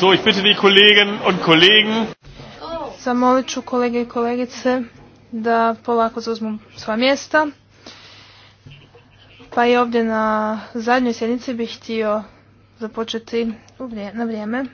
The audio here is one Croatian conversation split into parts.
So, ich bitte die Zamolit ću kolege i kolegice da polako zauzmu sva mjesta. Pa i ovdje na zadnjoj sjednici bih htio započeti na vrijeme.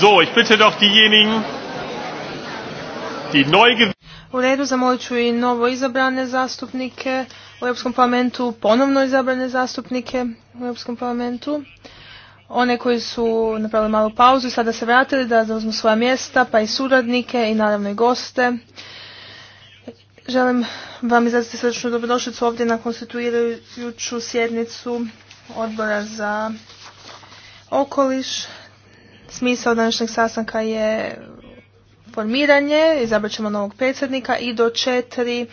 So, ich bitte doch diejenigen, die neu U redu zamolit ću i novo izabrane zastupnike u Europskom parlamentu, ponovno izabrane zastupnike u Europskom parlamentu, one koji su napravili malu pauzu i sada se vratili da zauzmu svoja mjesta, pa i suradnike i naravno i goste. Želim vam izraziti srčnu dobrodošlicu ovdje na konstituirajuću sjednicu odbora za okoliš. Smisao današnjeg sastanka je formiranje, izabrat ćemo novog predsjednika i do četiri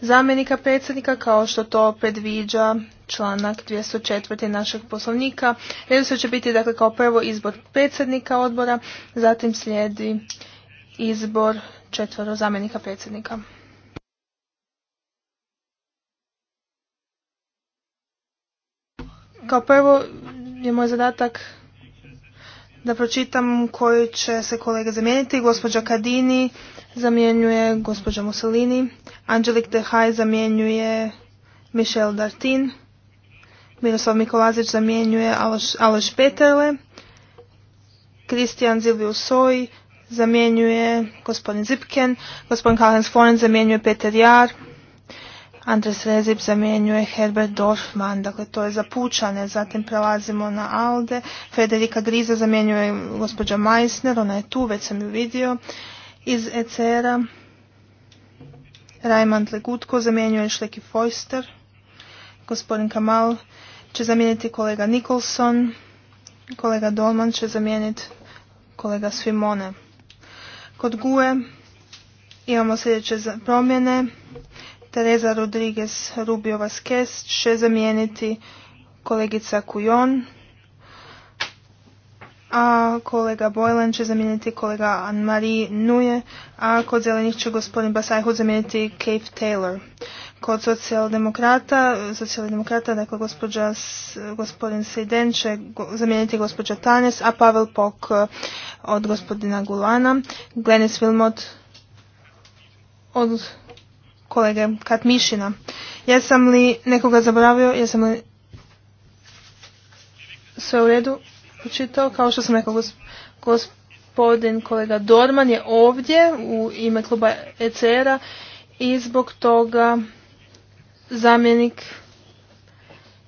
zamjenika predsjednika kao što to predviđa članak 204. našeg poslovnika. Redoslijed će biti dakle kao prvo izbor predsjednika odbora, zatim slijedi izbor četvoro zamjenika predsjednika. Kao prvo je moj zadatak da pročitam koji će se kolege zamijeniti. Gospođa Kadini zamjenjuje gospođa Mussolini, Angelik Dehaj zamjenjuje Michel Dartin, Miroslav Mikolazić zamjenjuje Aloš, Peterle, Kristijan Zilviju Soj zamjenjuje gospodin Zipken, gospodin Karlens Foren zamjenjuje Peter Jar, Andres Rezip zamjenjuje Herbert Dorfman, dakle to je za pučane. Zatim prelazimo na Alde. Federika Griza zamjenjuje gospođa Meissner, ona je tu, već sam ju vidio. Iz ECR-a Raymond Legutko zamjenjuje Šleki Foister. Gospodin Kamal će zamijeniti kolega Nicholson. Kolega Dolman će zamijeniti kolega Svimone. Kod GUE imamo sljedeće promjene. Teresa Rodriguez Rubio Vasquez će zamijeniti kolegica Kujon, a kolega Boylan će zamijeniti kolega Anne-Marie Nuje, a kod zelenih će gospodin Basajhu zamijeniti Cave Taylor. Kod socijaldemokrata, socijaldemokrata dakle gospođa, gospodin Sejden će zamijeniti gospođa Tanes, a Pavel Pok eh, od gospodina Gulana, Glenis Wilmot od kolege Katmišina. Jesam li nekoga zaboravio, jesam li sve u redu počitao? kao što sam rekao gospodin kolega Dorman je ovdje u ime kluba ECR-a i zbog toga zamjenik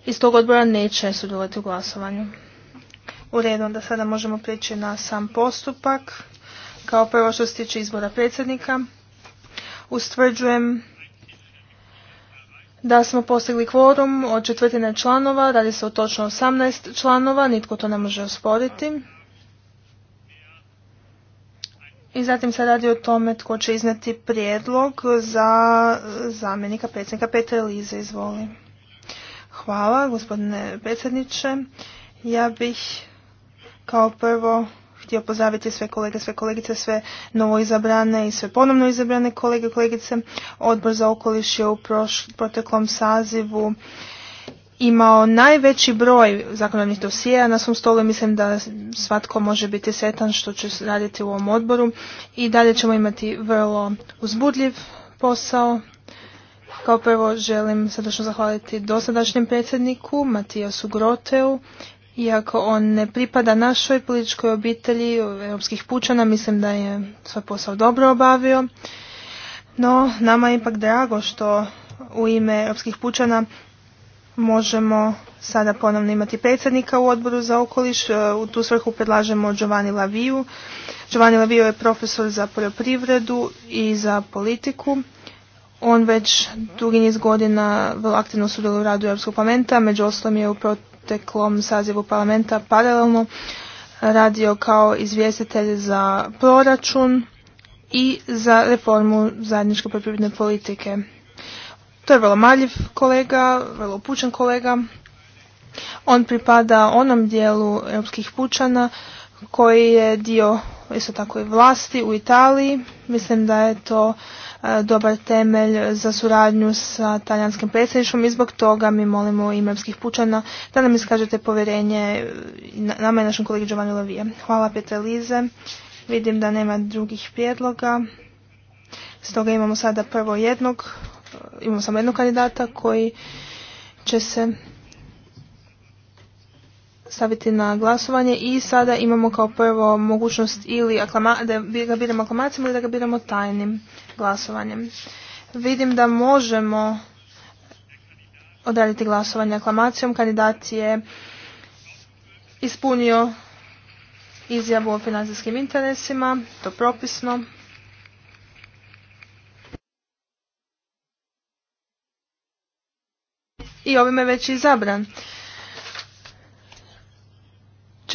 iz tog odbora neće sudjelovati u glasovanju. U redu, onda sada možemo prijeći na sam postupak. Kao prvo što se tiče izbora predsjednika, ustvrđujem da smo postigli kvorum od četvrtine članova, radi se o točno 18 članova, nitko to ne može osporiti. I zatim se radi o tome tko će izneti prijedlog za zamjenika predsjednika Petra Lize, izvoli. Hvala, gospodine predsjedniče. Ja bih kao prvo htio pozdraviti sve kolege, sve kolegice, sve novoizabrane i sve ponovno izabrane kolege i kolegice. Odbor za okoliš je u proteklom sazivu imao najveći broj zakonodavnih dosija na svom stolu mislim da svatko može biti setan što će raditi u ovom odboru i dalje ćemo imati vrlo uzbudljiv posao. Kao prvo želim srdačno zahvaliti dosadašnjem predsjedniku Matijasu Groteu iako on ne pripada našoj političkoj obitelji europskih pučana, mislim da je svoj posao dobro obavio. No, nama je ipak drago što u ime europskih pučana možemo sada ponovno imati predsjednika u odboru za okoliš. E, u tu svrhu predlažemo Giovanni Laviju. Giovanni Lavio je profesor za poljoprivredu i za politiku. On već dugi niz godina vrlo aktivno sudjeluje u radu Europskog parlamenta, među ostalom je u proteklom sazivu parlamenta paralelno radio kao izvjestitelj za proračun i za reformu zajedničke poljoprivredne politike. To je vrlo maljiv kolega, vrlo pučan kolega. On pripada onom dijelu europskih pučana koji je dio isto tako i vlasti u Italiji. Mislim da je to dobar temelj za suradnju sa talijanskim predsjedništvom i zbog toga mi molimo imamskih pučana da nam iskažete povjerenje nama i našem kolegi Giovanni Lavije. Hvala Petra Lize. Vidim da nema drugih prijedloga. Stoga imamo sada prvo jednog, imamo samo jednog kandidata koji će se staviti na glasovanje i sada imamo kao prvo mogućnost ili aklama, da ga biramo aklamacijom ili da ga biramo tajnim glasovanjem. Vidim da možemo odraditi glasovanje aklamacijom. Kandidat je ispunio izjavu o financijskim interesima, to propisno. I ovime je već izabran.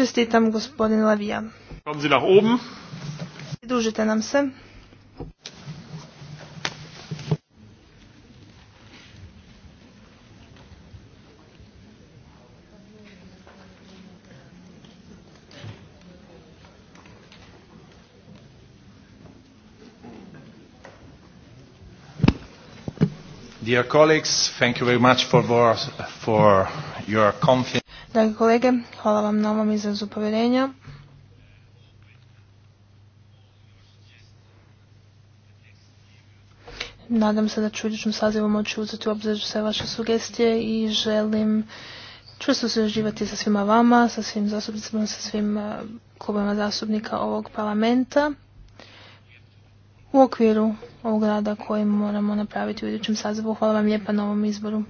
Čestitam gospodin Lavija. Pridružite nam se. Dear colleagues, thank you very much for, for your confidence. Dragi kolege, hvala vam na ovom izrazu povjerenja. Nadam se da ću u sazivu moći uzeti u obzir sve vaše sugestije i želim čvrsto surađivati sa svima vama, sa svim zastupnicima, sa svim eh, klubima zastupnika ovog parlamenta u okviru ovog rada koji moramo napraviti u idućem sazivu. Hvala vam lijepa na ovom izboru.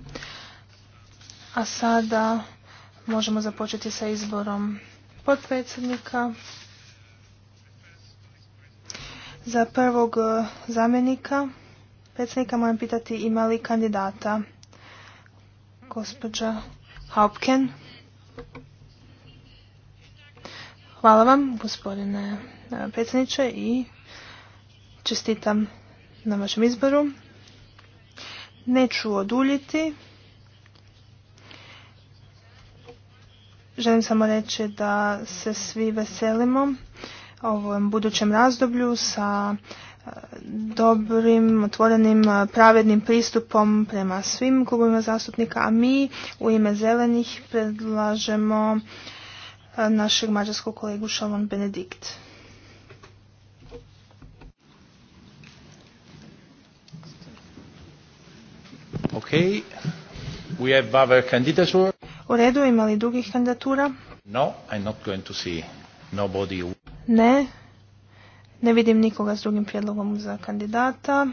A sada možemo započeti sa izborom potpredsjednika. Za prvog e, zamjenika predsjednika moram pitati ima li kandidata gospođa Haupken. Hvala vam gospodine e, predsjedniče i Čestitam na vašem izboru. Neću oduljiti. Želim samo reći da se svi veselimo ovom budućem razdoblju sa e, dobrim, otvorenim, e, pravednim pristupom prema svim klubovima zastupnika, a mi u ime zelenih predlažemo e, našeg mađarskog kolegu Šalon Benedikt. Okay. U redu, ima li drugih kandidatura? No, not going Ne, ne vidim nikoga s drugim prijedlogom za kandidata.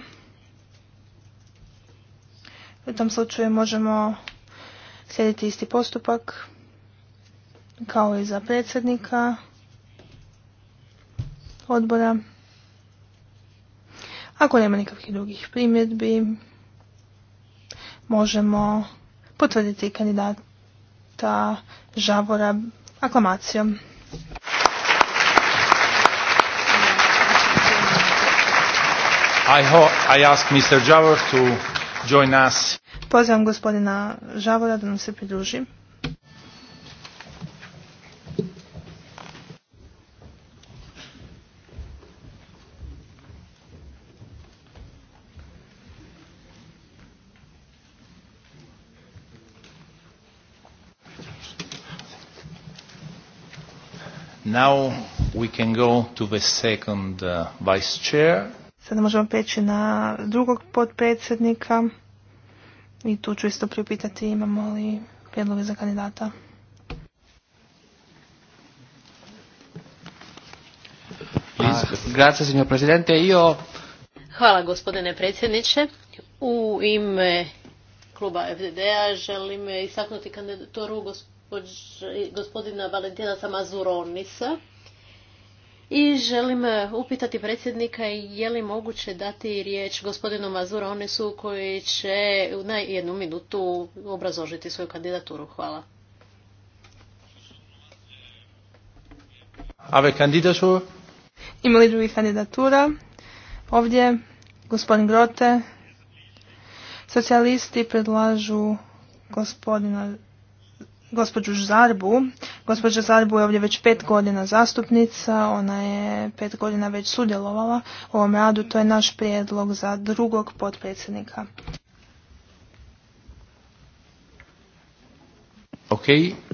U tom slučaju možemo slijediti isti postupak kao i za predsjednika odbora. Ako nema nikakvih drugih primjedbi, možemo potvrditi kandidata Žavora aklamacijom. I, I ask Mr. Javor to join us. Pozivam gospodina Žavora da nam se pridruži. Now we can go to the second uh, vice chair. Sada možemo peći na drugog potpredsjednika i tu ću isto priupitati imamo li prijedloge za kandidata. Grazie, signor Presidente. Io... Hvala, gospodine predsjedniče. U ime kluba FDD-a želim istaknuti kandidaturu gospodinu gospodina Valentina Samazuronisa. I želim e, upitati predsjednika je li moguće dati riječ gospodinu Mazuronisu koji će u jednu minutu obrazložiti svoju kandidaturu. Hvala. Ave kandidatur? Ima li drugih kandidatura? Ovdje gospodin Grote. Socijalisti predlažu gospodina gospođu Zarbu. Gospođa Zarbu je ovdje već pet godina zastupnica, ona je pet godina već sudjelovala u ovom radu, to je naš prijedlog za drugog potpredsjednika.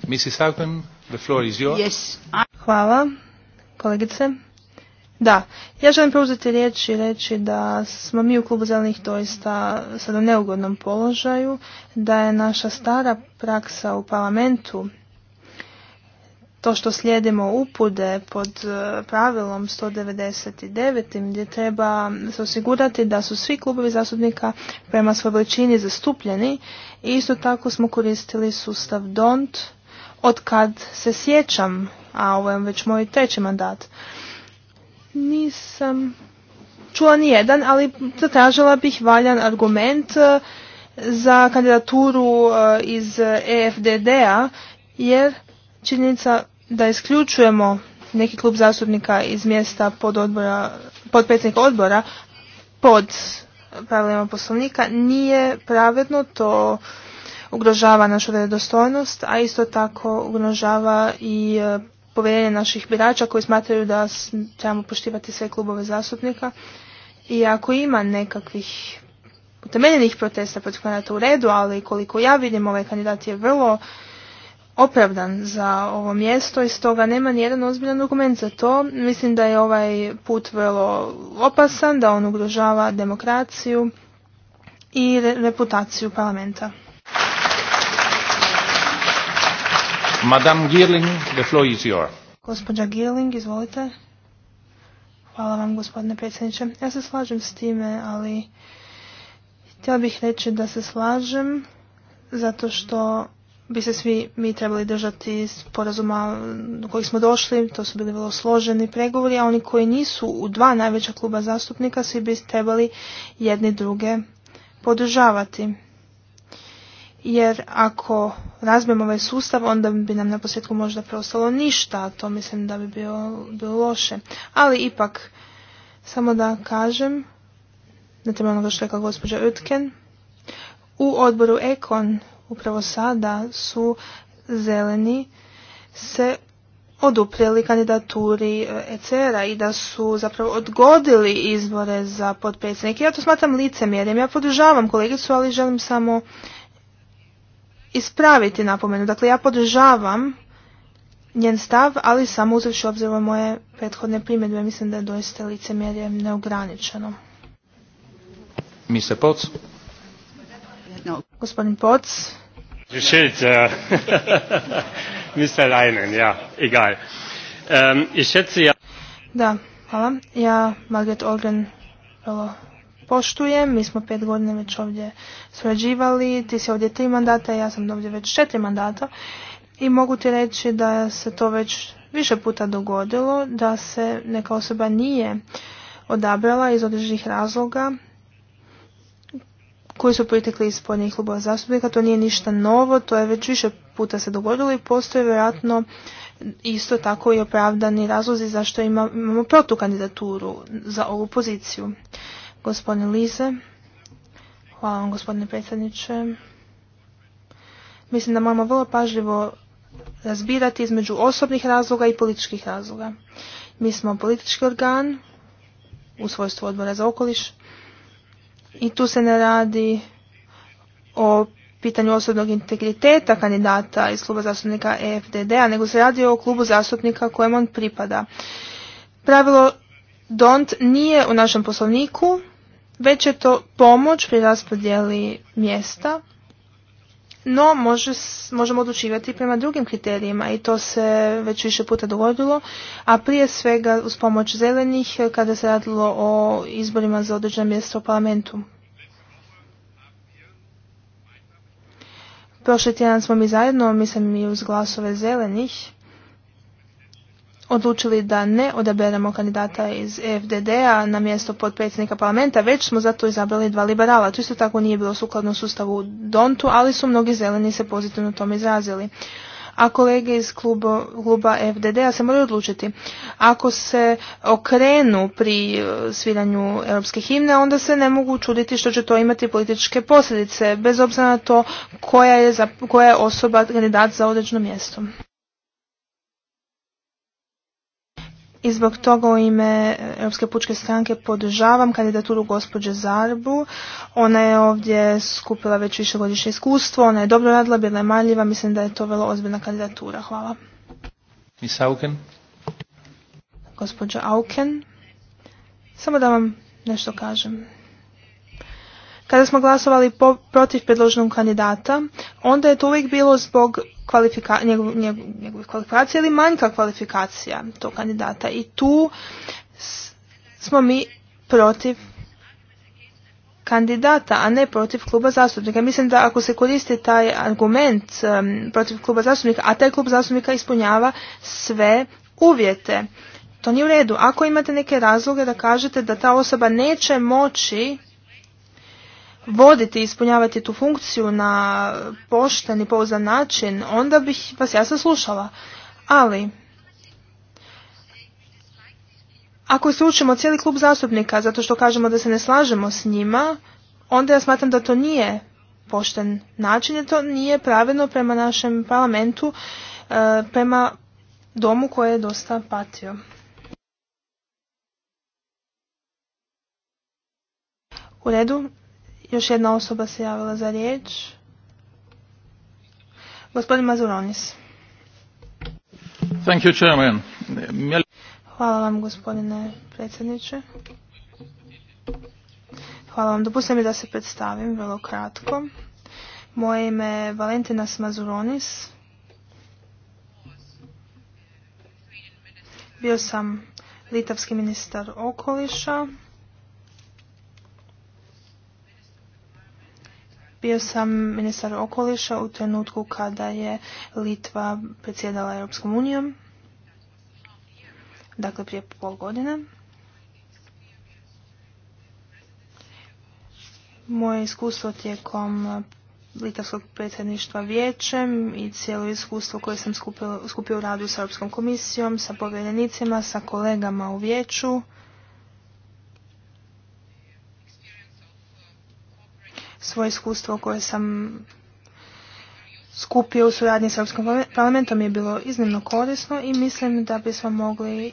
Mrs. the floor is yours. Yes. Hvala, kolegice. Da, ja želim preuzeti riječ i reći da smo mi u klubu zelenih doista sad u neugodnom položaju, da je naša stara praksa u parlamentu to što slijedimo upude pod e, pravilom 199. gdje treba se osigurati da su svi klubovi zastupnika prema svoj veličini zastupljeni i isto tako smo koristili sustav DONT od kad se sjećam, a ovo je već moj treći mandat. Nisam čula ni jedan, ali zatražila bih valjan argument e, za kandidaturu e, iz EFDD-a, jer činjenica da isključujemo neki klub zastupnika iz mjesta pod, odbora, pod odbora pod pravilima poslovnika nije pravedno, to ugrožava našu redostojnost, a isto tako ugrožava i e, povjerenje naših birača koji smatraju da trebamo poštivati sve klubove zastupnika. I ako ima nekakvih utemeljenih protesta protiv kandidata u redu, ali koliko ja vidim ovaj kandidat je vrlo opravdan za ovo mjesto i stoga nema nijedan ozbiljan dokument za to. Mislim da je ovaj put vrlo opasan, da on ugrožava demokraciju i reputaciju parlamenta. Madame izvolite. Hvala vam, gospodine predsjedniče. Ja se slažem s time, ali htjela bih reći da se slažem zato što bi se svi mi trebali držati sporazuma do kojih smo došli, to su bili vrlo složeni pregovori, a oni koji nisu u dva najveća kluba zastupnika svi bi trebali jedni druge podržavati jer ako razbijemo ovaj sustav, onda bi nam na posljedku možda preostalo ništa, a to mislim da bi bilo, bilo loše. Ali ipak, samo da kažem, na temelju onoga što rekla gospođa Utken, u odboru Ekon upravo sada su zeleni se oduprili kandidaturi e, ECR-a i da su zapravo odgodili izbore za potpredsjednike. Ja to smatram licemjerjem. Ja podržavam kolegicu, ali želim samo ispraviti napomenu. Dakle, ja podržavam njen stav, ali samo uzevši obzirom moje prethodne primjedbe, mislim da je doista licemjerje neograničeno. Mr. Poc? No. Gospodin Poc? ja. Mr. Leinen, ja, egal. Ja ich ja... Da, hvala. Ja, Margaret Olgren, poštujem. Mi smo pet godina već ovdje surađivali, ti si ovdje tri mandata, ja sam ovdje već četiri mandata i mogu ti reći da se to već više puta dogodilo, da se neka osoba nije odabrala iz određenih razloga koji su pritekli iz spodnjih klubova zastupnika. To nije ništa novo, to je već više puta se dogodilo i postoje vjerojatno isto tako i opravdani razlozi zašto imamo kandidaturu za ovu poziciju. Gospodine Lize, hvala vam gospodine predsjedniče. Mislim da moramo vrlo pažljivo razbirati između osobnih razloga i političkih razloga. Mi smo politički organ u svojstvu odbora za okoliš i tu se ne radi o pitanju osobnog integriteta kandidata iz kluba zastupnika EFDD-a, nego se radi o klubu zastupnika kojem on pripada. Pravilo DONT nije u našem poslovniku, već je to pomoć pri raspodjeli mjesta, no može, možemo odlučivati prema drugim kriterijima i to se već više puta dogodilo, a prije svega uz pomoć zelenih kada se radilo o izborima za određene mjesto u parlamentu. Prošli tjedan smo mi zajedno, mislim i uz glasove zelenih, odlučili da ne odaberemo kandidata iz FDD-a na mjesto potpredsjednika parlamenta, već smo zato izabrali dva liberala. To isto tako nije bilo sukladno sustavu Dontu, ali su mnogi zeleni se pozitivno tom izrazili. A kolege iz kluba, kluba FDD-a se moraju odlučiti. Ako se okrenu pri uh, sviranju europske himne, onda se ne mogu čuditi što će to imati političke posljedice, bez obzira na to koja je, koja je osoba kandidat za određeno mjesto. i zbog toga u ime Europske pučke stranke podržavam kandidaturu gospođe Zarbu. Ona je ovdje skupila već godišnje iskustvo, ona je dobro radila, bila je maljiva, mislim da je to vrlo ozbiljna kandidatura. Hvala. Miss Auken. Gospođa Auken. Samo da vam nešto kažem. Kada smo glasovali protiv predloženog kandidata, onda je to uvijek bilo zbog kvalifika, njegov, kvalifikacija ili manjka kvalifikacija tog kandidata. I tu smo mi protiv kandidata, a ne protiv kluba zastupnika. Mislim da ako se koristi taj argument protiv kluba zastupnika, a taj klub zastupnika ispunjava sve uvjete, to nije u redu. Ako imate neke razloge da kažete da ta osoba neće moći voditi i ispunjavati tu funkciju na pošten i pouzan način, onda bih vas ja slušala. Ali, ako učimo cijeli klub zastupnika zato što kažemo da se ne slažemo s njima, onda ja smatram da to nije pošten način, jer to nije pravedno prema našem parlamentu, e, prema domu koji je dosta patio. U redu, još jedna osoba se javila za riječ. Gospodin Mazuronis. Hvala vam gospodine predsjedniče. Hvala vam. Dopustite mi da se predstavim vrlo kratko. Moje ime je Valentina Smazuronis. Bio sam litavski ministar okoliša Bio sam ministar okoliša u trenutku kada je Litva predsjedala Europskom unijom, dakle prije pol godine. Moje iskustvo tijekom litavskog predsjedništva vijećem i cijelo iskustvo koje sam skupio, skupio u radu sa Europskom komisijom, sa povjerenicima, sa kolegama u vijeću svoje iskustvo koje sam skupio u suradnji s Europskom parlamentom je bilo iznimno korisno i mislim da bismo mogli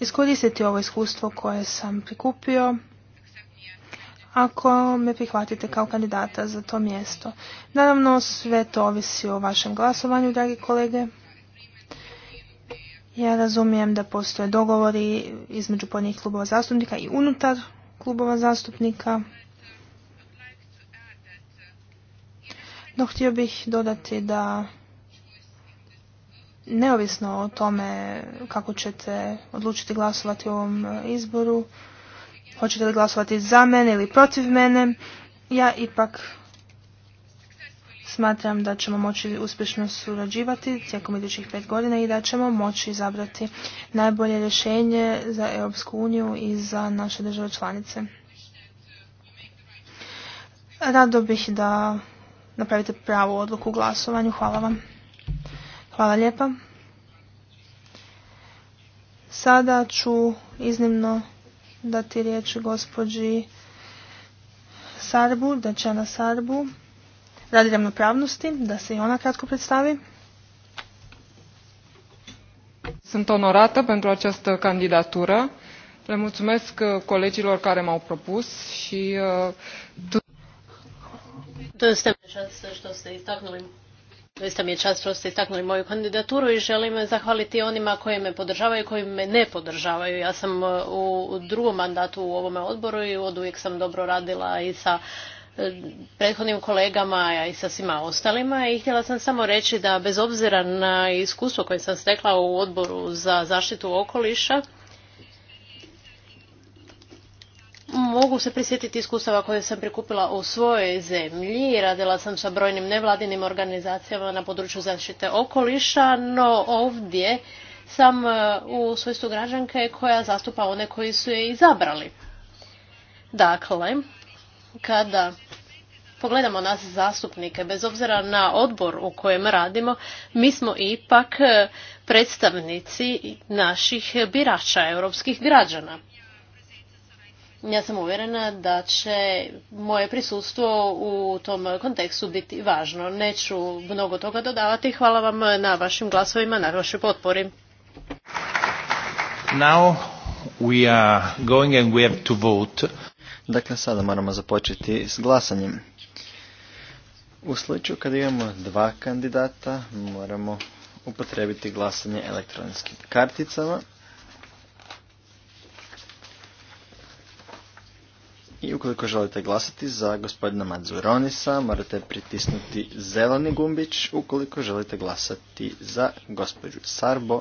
iskoristiti ovo iskustvo koje sam prikupio ako me prihvatite kao kandidata za to mjesto. Naravno, sve to ovisi o vašem glasovanju, dragi kolege. Ja razumijem da postoje dogovori između podnijih klubova zastupnika i unutar klubova zastupnika. No htio bih dodati da neovisno o tome kako ćete odlučiti glasovati u ovom e, izboru, hoćete li glasovati za mene ili protiv mene, ja ipak smatram da ćemo moći uspješno surađivati tijekom idućih pet godina i da ćemo moći izabrati najbolje rješenje za Europsku uniju i za naše države članice. Rado bih da napravite pravu odluku u glasovanju. Hvala vam. Hvala lijepa. Sada ću iznimno dati riječ gospođi Sarbu, na Sarbu, radi ravnopravnosti, da se i ona kratko predstavi. Sunt onorată pentru această candidatură. Le mulțumesc colegilor care m-au propus și uh, doista je što ste istaknuli mi je čast što ste istaknuli moju kandidaturu i želim zahvaliti onima koji me podržavaju i koji me ne podržavaju. Ja sam e, u drugom mandatu u ovome odboru i od uvijek sam dobro radila i sa e, prethodnim kolegama i sa svima ostalima i htjela sam samo reći da bez obzira na iskustvo koje sam stekla u odboru za zaštitu okoliša mogu se prisjetiti iskustava koje sam prikupila u svojoj zemlji. Radila sam sa brojnim nevladinim organizacijama na području zaštite okoliša, no ovdje sam e, u svojstvu građanke koja zastupa one koji su je izabrali. Dakle, kada pogledamo nas zastupnike, bez obzira na odbor u kojem radimo, mi smo ipak e, predstavnici naših birača, europskih građana. Ja sam uvjerena da će moje prisustvo u tom kontekstu biti važno. Neću mnogo toga dodavati. Hvala vam na vašim glasovima, na vašoj potpori. going and we to Dakle, sada moramo započeti s glasanjem. U slučaju kad imamo dva kandidata, moramo upotrebiti glasanje elektronskim karticama. I ukoliko želite glasati za gospodina Mazuronisa, morate pritisnuti zeleni gumbić. Ukoliko želite glasati za gospođu Sarbo,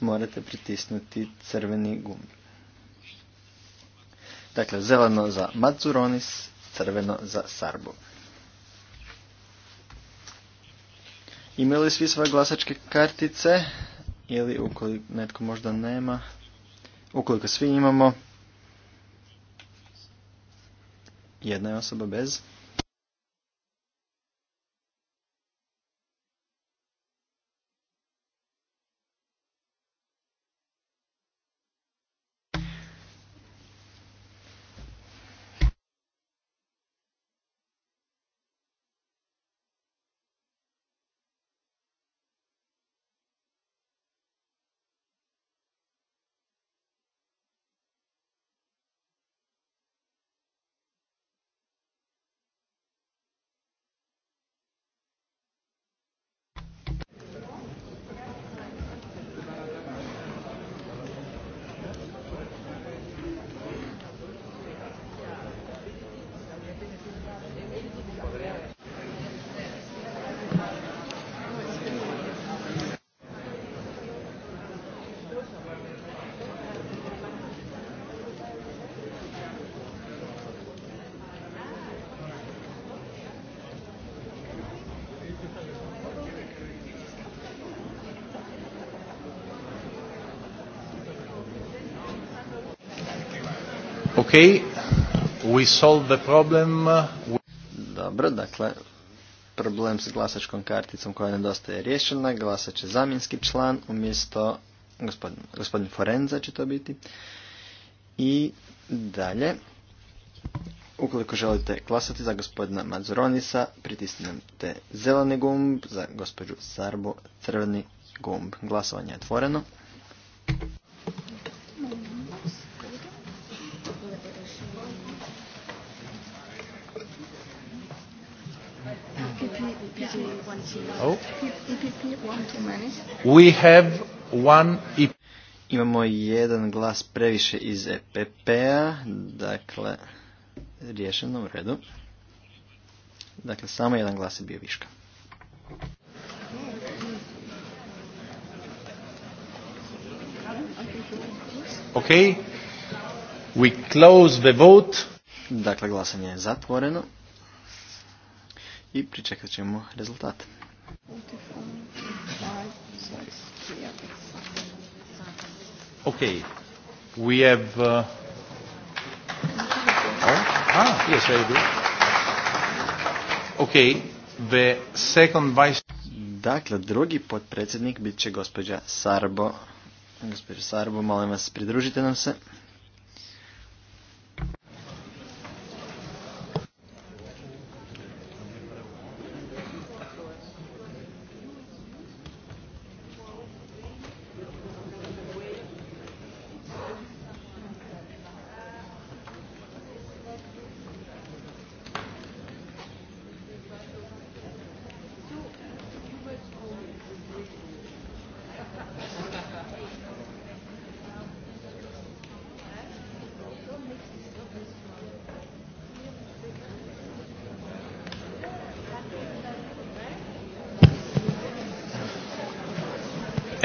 morate pritisnuti crveni gumb. Dakle, zeleno za Mazuronis, crveno za Sarbo. Imaju li svi svoje glasačke kartice? Ili ukoliko netko možda nema? Ukoliko svi imamo, Jedna je osoba bez. Okay, we solve the problem. Uh, Dobro, dakle, problem s glasačkom karticom koja nedostaje rješena, glasat će zamjenski član umjesto gospodin, gospodin Forenza će to biti. I dalje, ukoliko želite glasati za gospodina Mazuronisa, pritisnite zeleni gumb, za gospođu Sarbu, crveni gumb. Glasovanje je otvoreno. Oh. We have one EP. Imamo jedan glas previše iz EPP-a, dakle, rješeno u redu. Dakle, samo jedan glas je bio viška. Ok, we close the vote. Dakle, glasanje je zatvoreno i pričekat ćemo rezultate. Okay. We have. Uh... Oh, ah, yes, I do. Okay. The second vice. Dakle, drugi potpredsjednik bit će gospođa Sarbo. Gospođa Sarbo, molim vas, pridružite nam se.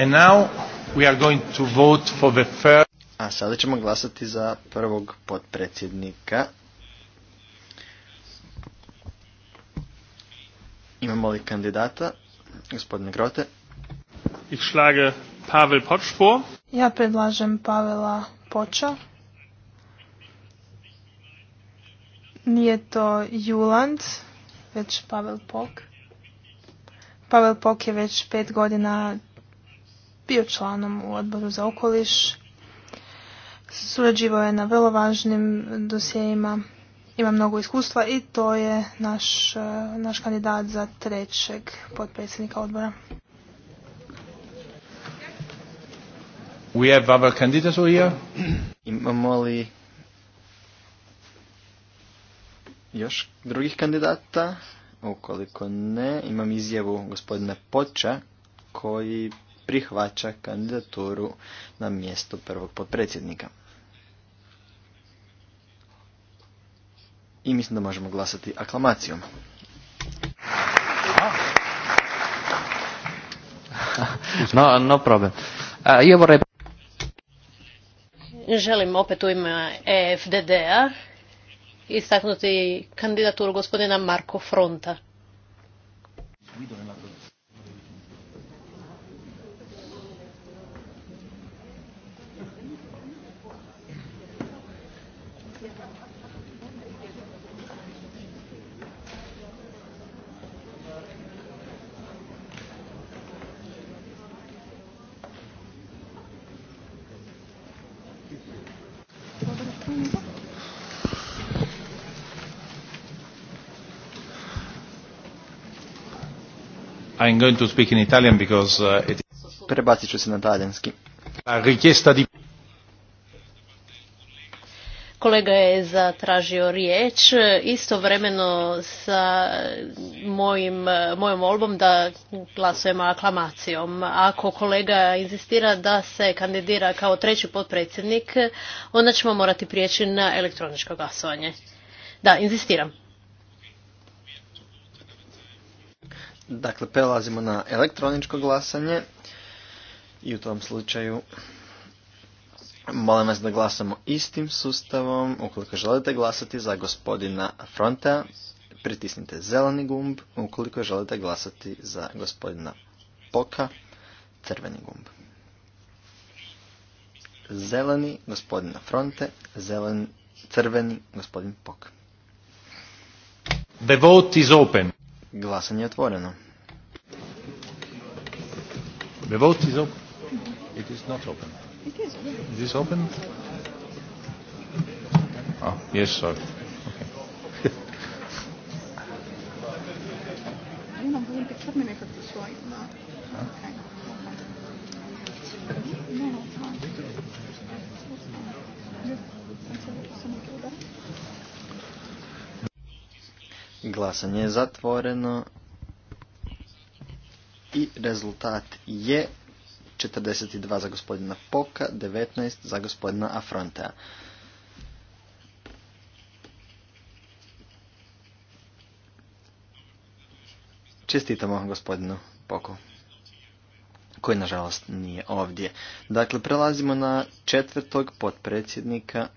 And now we are going to vote for the first... A sada ćemo glasati za prvog potpredsjednika. Imamo li kandidata? Gospodine Grote. Ich schlage Pavel vor. Ja predlažem Pavela Poča. Nije to Juland, već Pavel Pok. Pavel Pok je već pet godina bio članom u odboru za okoliš. Surađivao je na vrlo važnim dosjejima. Ima mnogo iskustva i to je naš, eh, naš kandidat za trećeg potpredsjednika odbora. We have here. Imamo li još drugih kandidata? Ukoliko ne, imam izjavu gospodina Poča koji prihvaća kandidaturu na mjesto prvog potpredsjednika. I mislim da možemo glasati aklamacijom. No, no problem. Želim opet u ime EFDD-a istaknuti kandidaturu gospodina Marko Fronta. I'm going to speak in Italian because uh, Prebacit ću se na talijanski. Kolega je zatražio riječ istovremeno sa mojim, mojom olbom da glasujemo aklamacijom. Ako kolega inzistira da se kandidira kao treći potpredsjednik, onda ćemo morati prijeći na elektroničko glasovanje. Da, inzistiram. Dakle, prelazimo na elektroničko glasanje i u tom slučaju molim vas da glasamo istim sustavom. Ukoliko želite glasati za gospodina Fronta, pritisnite zeleni gumb. Ukoliko želite glasati za gospodina Poka, crveni gumb. Zeleni gospodina Fronte, zelen, crveni gospodin Pok. The is open. Glasanje je otvoreno. The vote is open. It is not open. It is. open. Oh, yes, Okay. Glasanje je zatvoreno i rezultat je 42 za gospodina Poka, 19 za gospodina Afrontea. Čestitamo gospodinu Poku, koji nažalost nije ovdje. Dakle, prelazimo na četvrtog potpredsjednika.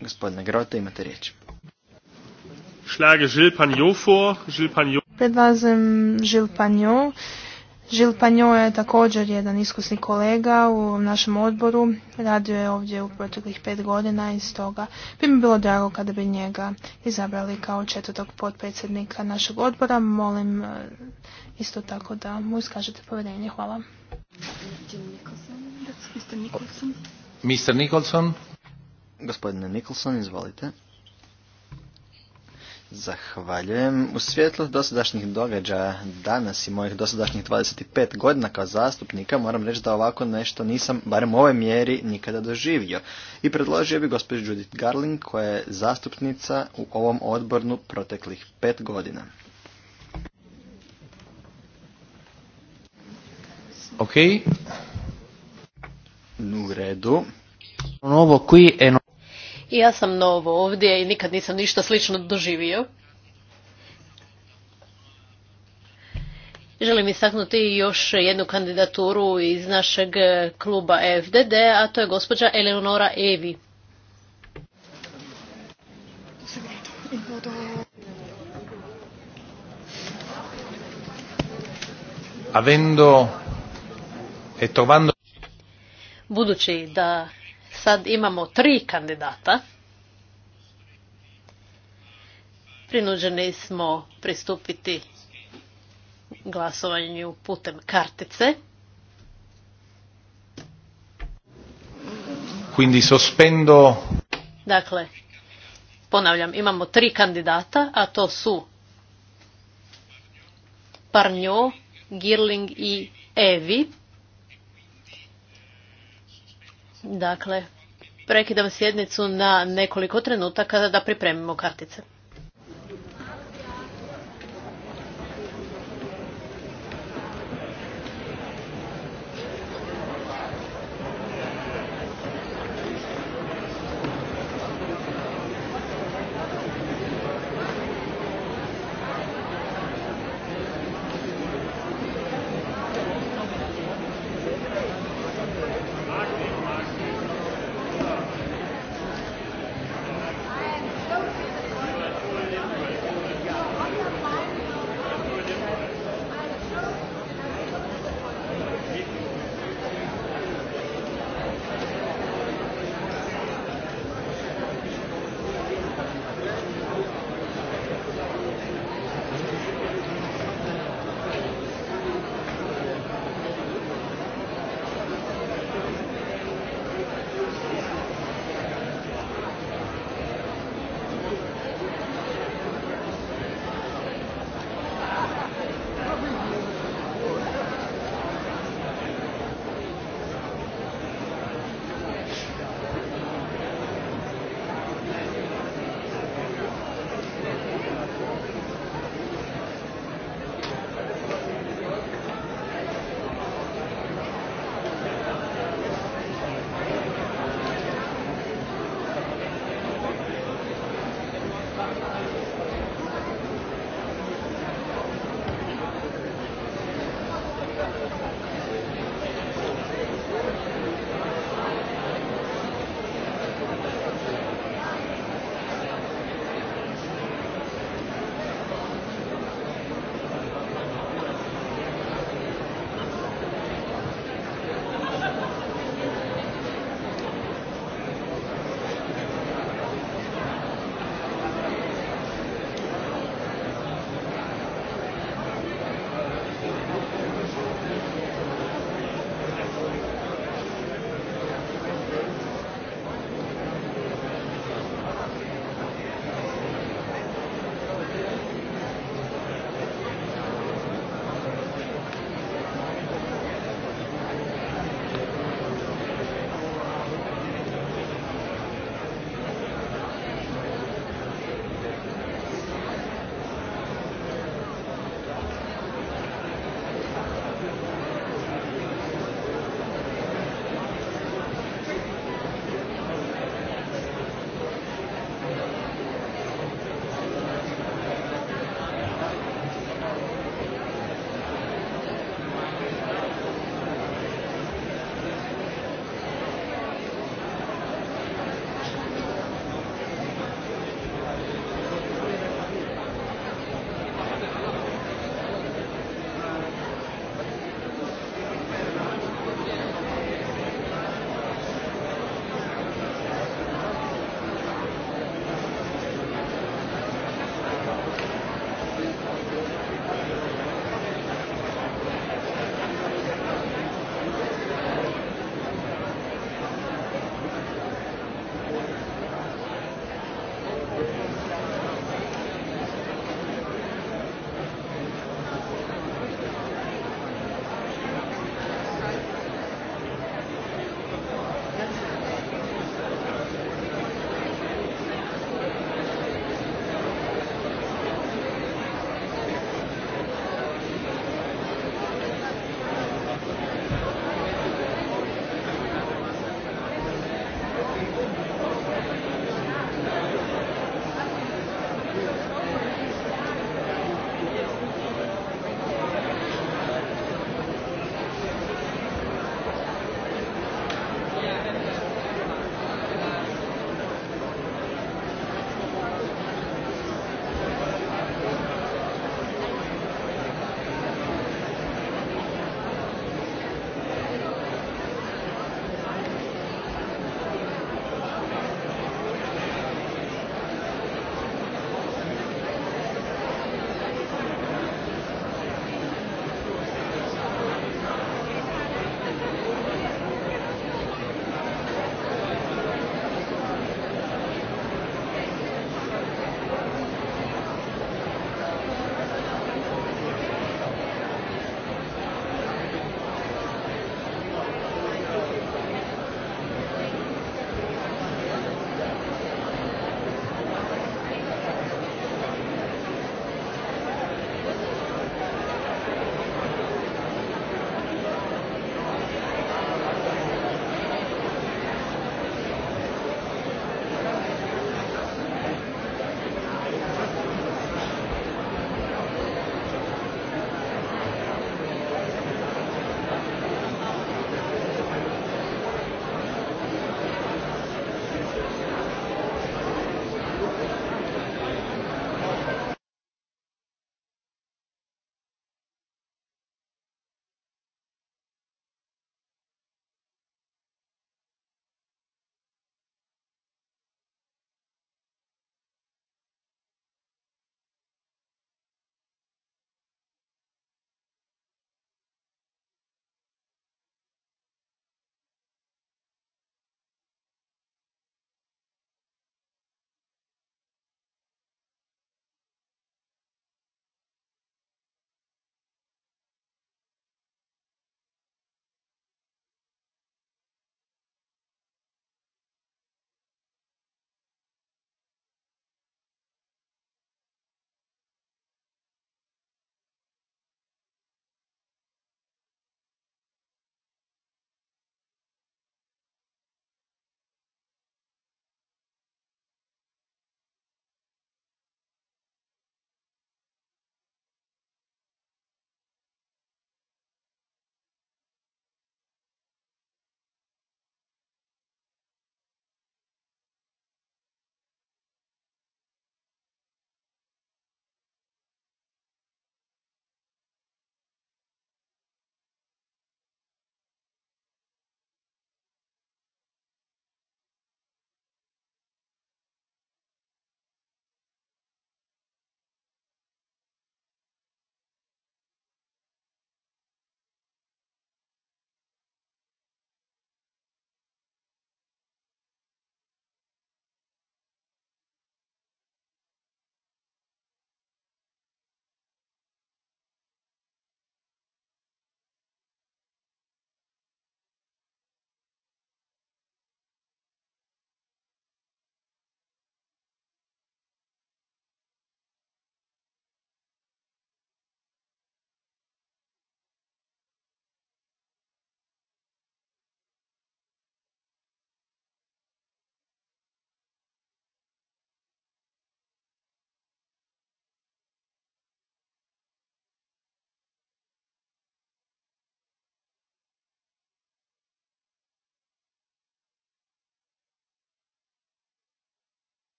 gospodina Grote, imate riječ. Šlage Žilpan Jofor. Žilpan Predlažem Žil Panjo. Žil Panjo je također jedan iskusni kolega u našem odboru. Radio je ovdje u proteklih pet godina i stoga bi mi bilo drago kada bi njega izabrali kao četvrtog potpredsjednika našeg odbora. Molim e, isto tako da mu iskažete povjerenje. Hvala. Mr. Nicholson. Gospodine Nicholson, izvolite. Zahvaljujem. U svjetlu dosadašnjih događaja danas i mojih dosadašnjih 25 godina kao zastupnika moram reći da ovako nešto nisam, barem u ovoj mjeri, nikada doživio. I predložio bi gospođu Judith Garling koja je zastupnica u ovom odbornu proteklih pet godina. Ok. U redu. Novo je ja sam novo ovdje i nikad nisam ništa slično doživio. Želim istaknuti još jednu kandidaturu iz našeg kluba FDD, a to je gospođa Eleonora Evi. Avendo e trovando... Budući da Sad imamo tri kandidata. Prinuđeni smo pristupiti glasovanju putem kartice. Quindi sospendo... Dakle, ponavljam, imamo tri kandidata, a to su Parnjo, Girling i Evi. Dakle, prekidam sjednicu na nekoliko trenutaka da pripremimo kartice.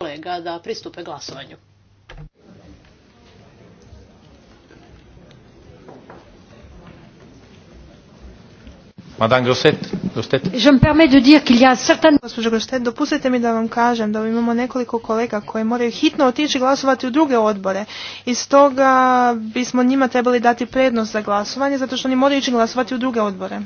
kolega da pristupe glasovanju. Madame Grosset, Grosset. Je me dopustite mi da vam kažem da imamo nekoliko kolega koji moraju hitno otići glasovati u druge odbore. I stoga bismo njima trebali dati prednost za glasovanje zato što oni moraju ići glasovati u druge odbore.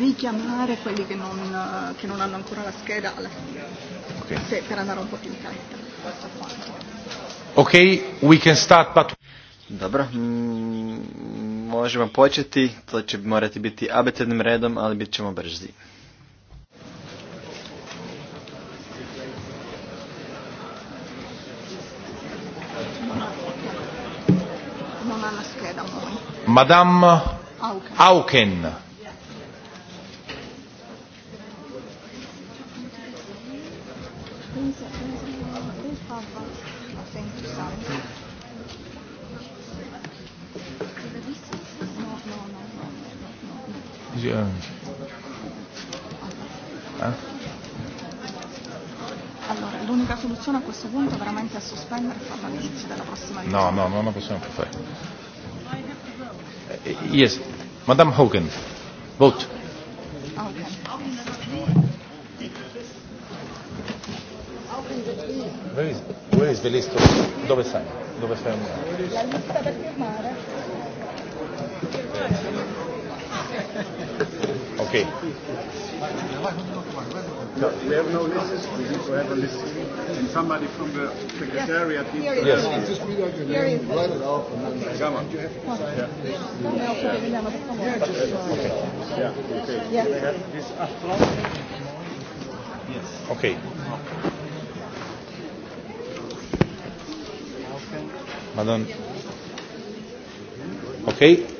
richiamare quelli che non, eh, che non hanno ancora la scheda alla fine, okay. se, per andare un po' più in fretta. Ok, we can start, but... Dobro, mm, možemo početi, to će morati biti abecednim redom, ali bit ćemo brzi. Madame Auken. Auken. Sie eh? Allora, l'unica soluzione a questo punto è veramente è sospendere e farlo all'inizio della prossima riunione. No, no, non lo possiamo più fare. Uh, yes, Madame Hogan, vote. Okay. Where is, where is the list of... Dove sei? Dove sei? La lista per firmare. Okay. We have no have somebody from the Okay.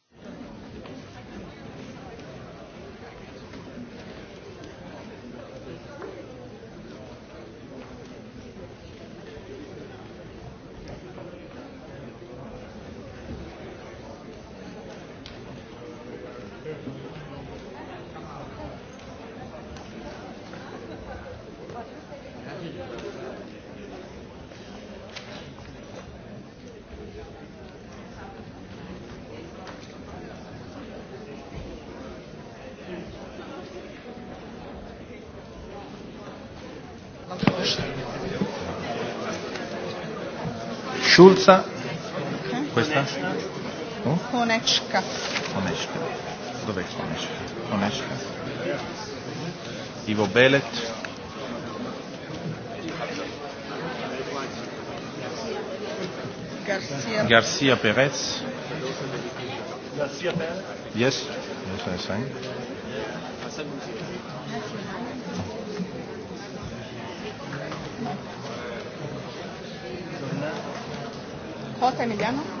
Konečka. Konečka. je Konečka? Konečka. Ivo Belet. Garcia. Garcia Perez. Garcia Perez. Yes. Yes, I sign. José Emiliano.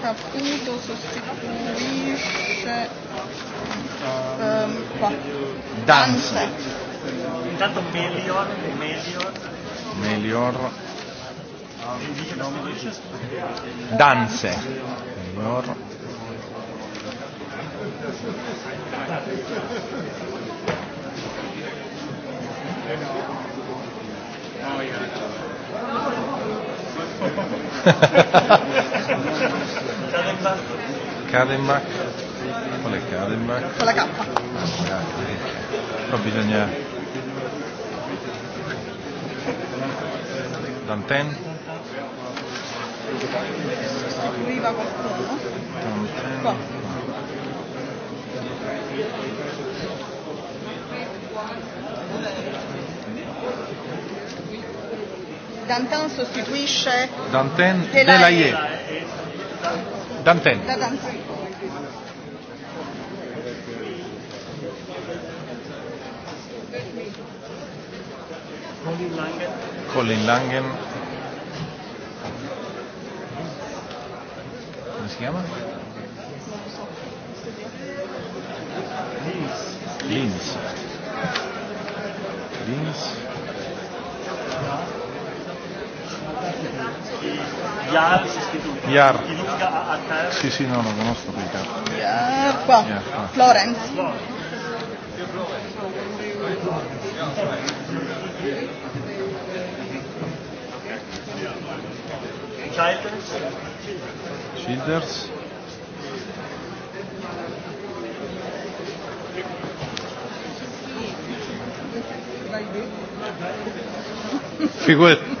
Caputo sostituisce um, pa, danse. Intanto Melior, Melior. Melior. Danze. Melior. Oh, yeah. Kademac. con è Kademac? Con la K. Però bisogna... Danten? Arriva qualcuno? Danten. sostituisce Danten Delaye. Delaye. Dante. Da, Danten. Colin Langen. ¿Cómo se llama? Lins. Lins. Lins. Yar, Iar. Sì, sì, no, lo conosco quel caso. Iar qua. Florence. Childers. Childers. Figurati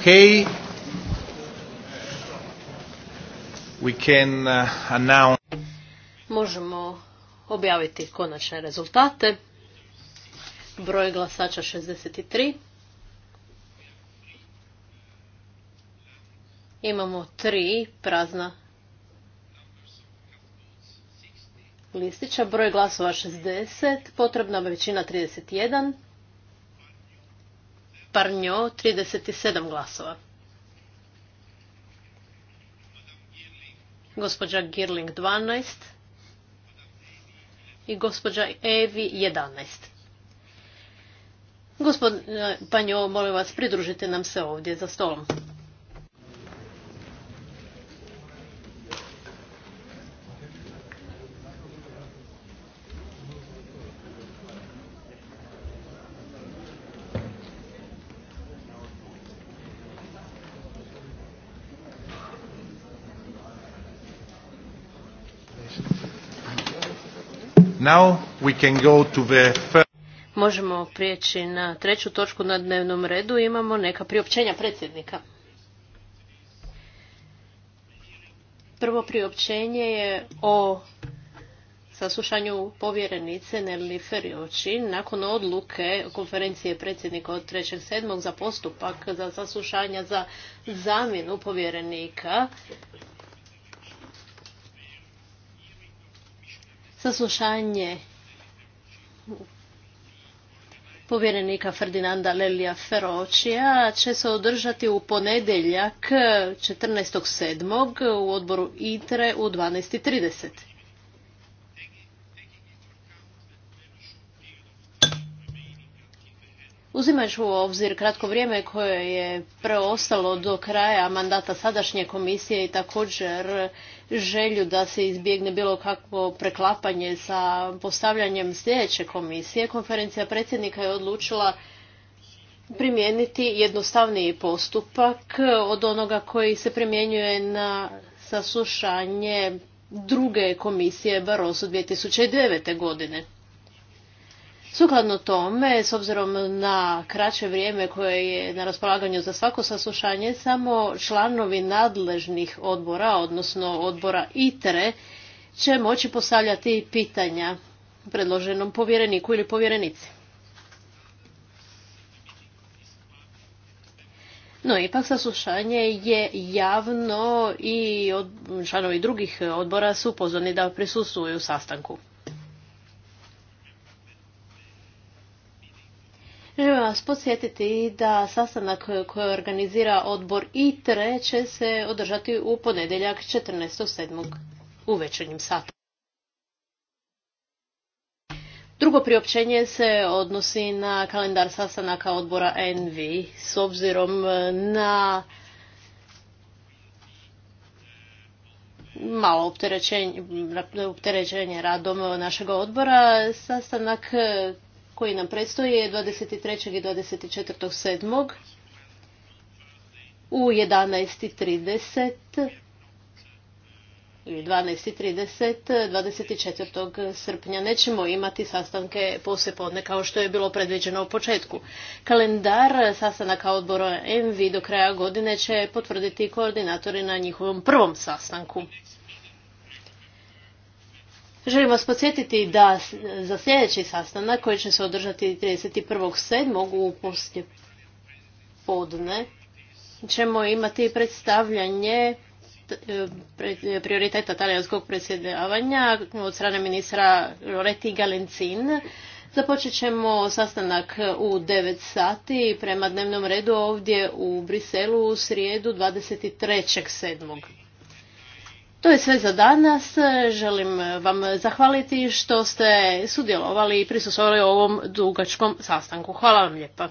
Okay. Uh, Možemo objaviti konačne rezultate. Broj glasača 63. Imamo tri prazna listića. Broj glasova 60, potrebna većina 31. Parnjo 37 glasova. Gospođa Girling 12 i gospođa Evi 11. Gospod eh, Panjo, molim vas, pridružite nam se ovdje za stolom. Now Možemo prijeći na treću točku na dnevnom redu. Imamo neka priopćenja predsjednika. Prvo priopćenje je o saslušanju povjerenice Nelly Ferioči nakon odluke konferencije predsjednika od 3.7. za postupak za saslušanja za zamjenu povjerenika saslušanje povjerenika Ferdinanda Lelija Feročija će se održati u ponedjeljak 14.7. u odboru ITRE u 12.30. Uzimajući u obzir kratko vrijeme koje je preostalo do kraja mandata sadašnje komisije i također želju da se izbjegne bilo kakvo preklapanje sa postavljanjem sljedeće komisije, konferencija predsjednika je odlučila primijeniti jednostavniji postupak od onoga koji se primjenjuje na saslušanje druge komisije tisuće 2009. godine. Sukladno tome, s obzirom na kraće vrijeme koje je na raspolaganju za svako saslušanje, samo članovi nadležnih odbora, odnosno odbora ITRE, će moći postavljati pitanja predloženom povjereniku ili povjerenici. No, ipak saslušanje je javno i članovi drugih odbora su pozvani da prisustuju sastanku. Želim vas podsjetiti da sastanak koji organizira odbor ITRE će se održati u ponedjeljak 14.7. u večernjim satu. Drugo priopćenje se odnosi na kalendar sastanaka odbora NV s obzirom na malo opterećenje, opterećenje radom našeg odbora. Sastanak koji nam predstoji je 23. i 24.7. u 11.30 ili 12.30 24. srpnja nećemo imati sastanke podne kao što je bilo predviđeno u početku. Kalendar sastanaka odbora MV do kraja godine će potvrditi koordinatori na njihovom prvom sastanku. Želim vas podsjetiti da za sljedeći sastanak koji će se održati 31.7. u poslje podne ćemo imati predstavljanje e, prioriteta talijanskog predsjedavanja od strane ministra Loreti Galencin. Započet ćemo sastanak u 9 sati prema dnevnom redu ovdje u Briselu u srijedu 23.7. To je sve za danas. Želim vam zahvaliti što ste sudjelovali i prisustvovali ovom dugačkom sastanku. Hvala vam lijepa.